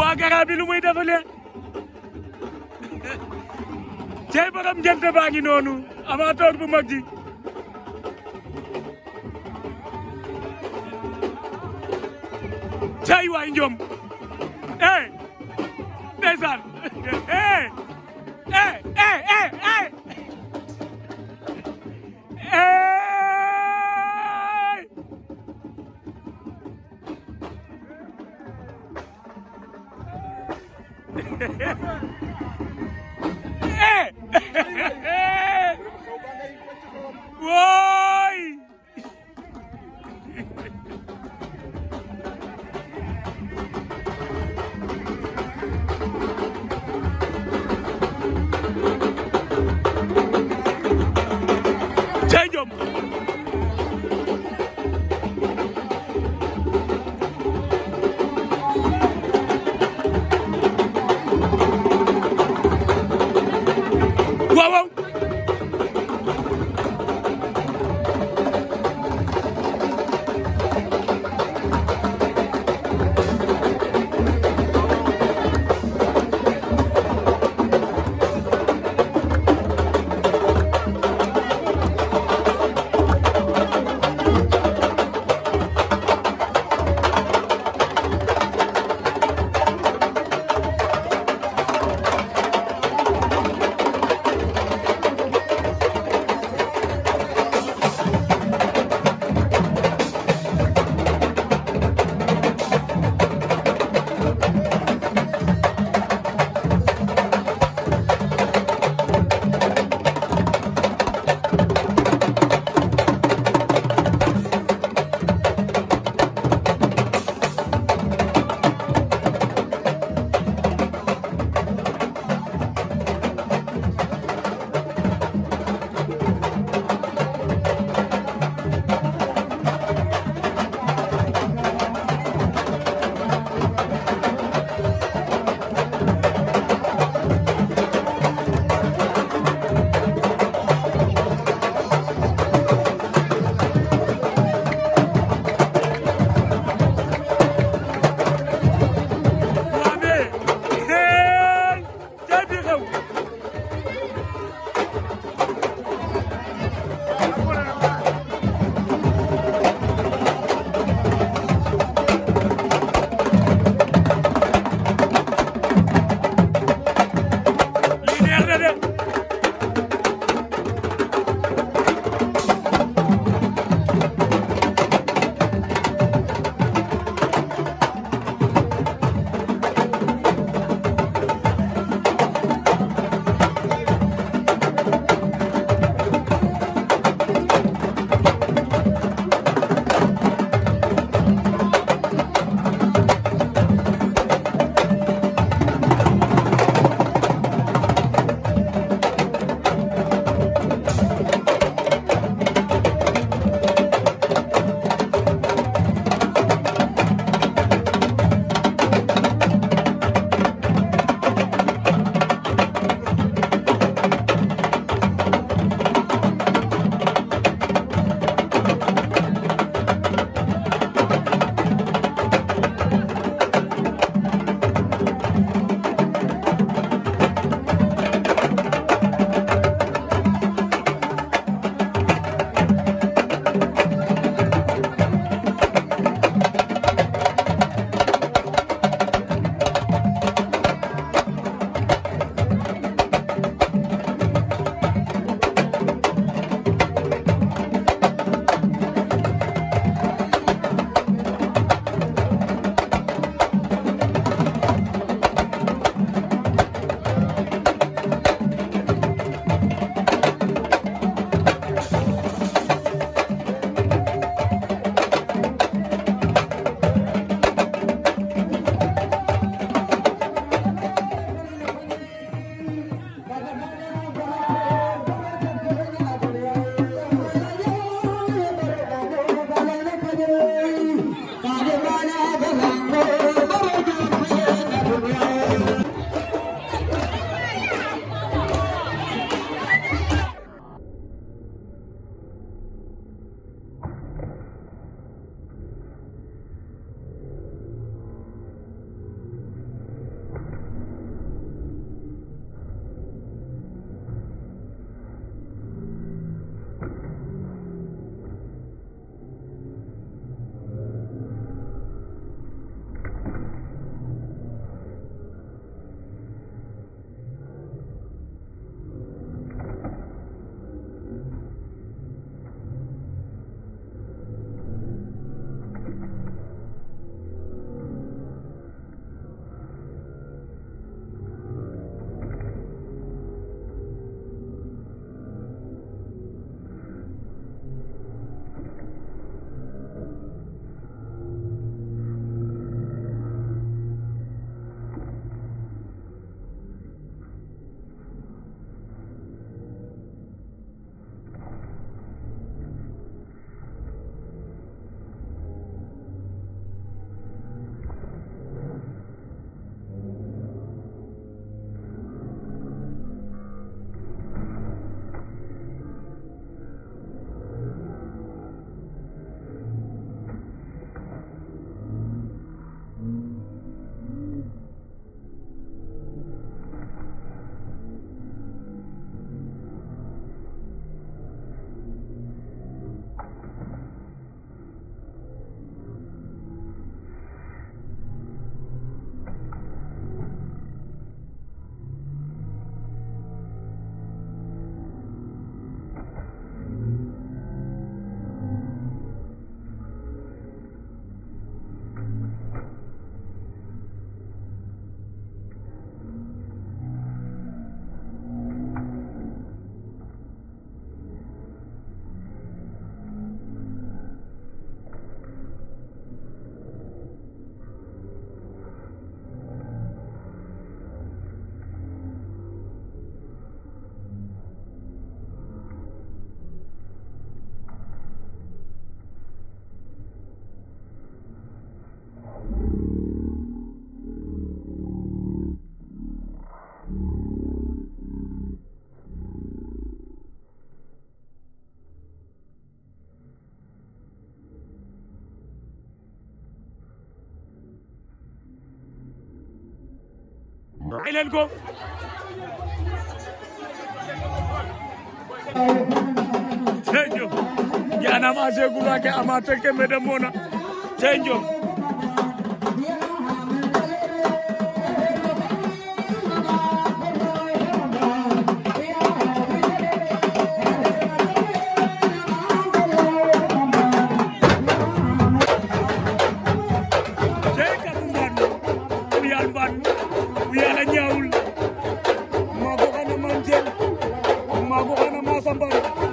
waa gara bi lu muy defalee cey borom ngente baa ngi noonu amateur bu mag ji cey waay njom eh ndeysaan eh eh eh eh, eh, eh. え Woo! bàyyi leen ko tenjo yanam ase gurake ama teke mede mona tenjo Bye. bu yàlla ñaawul maa ko xana man jël maa ko xana maa sambal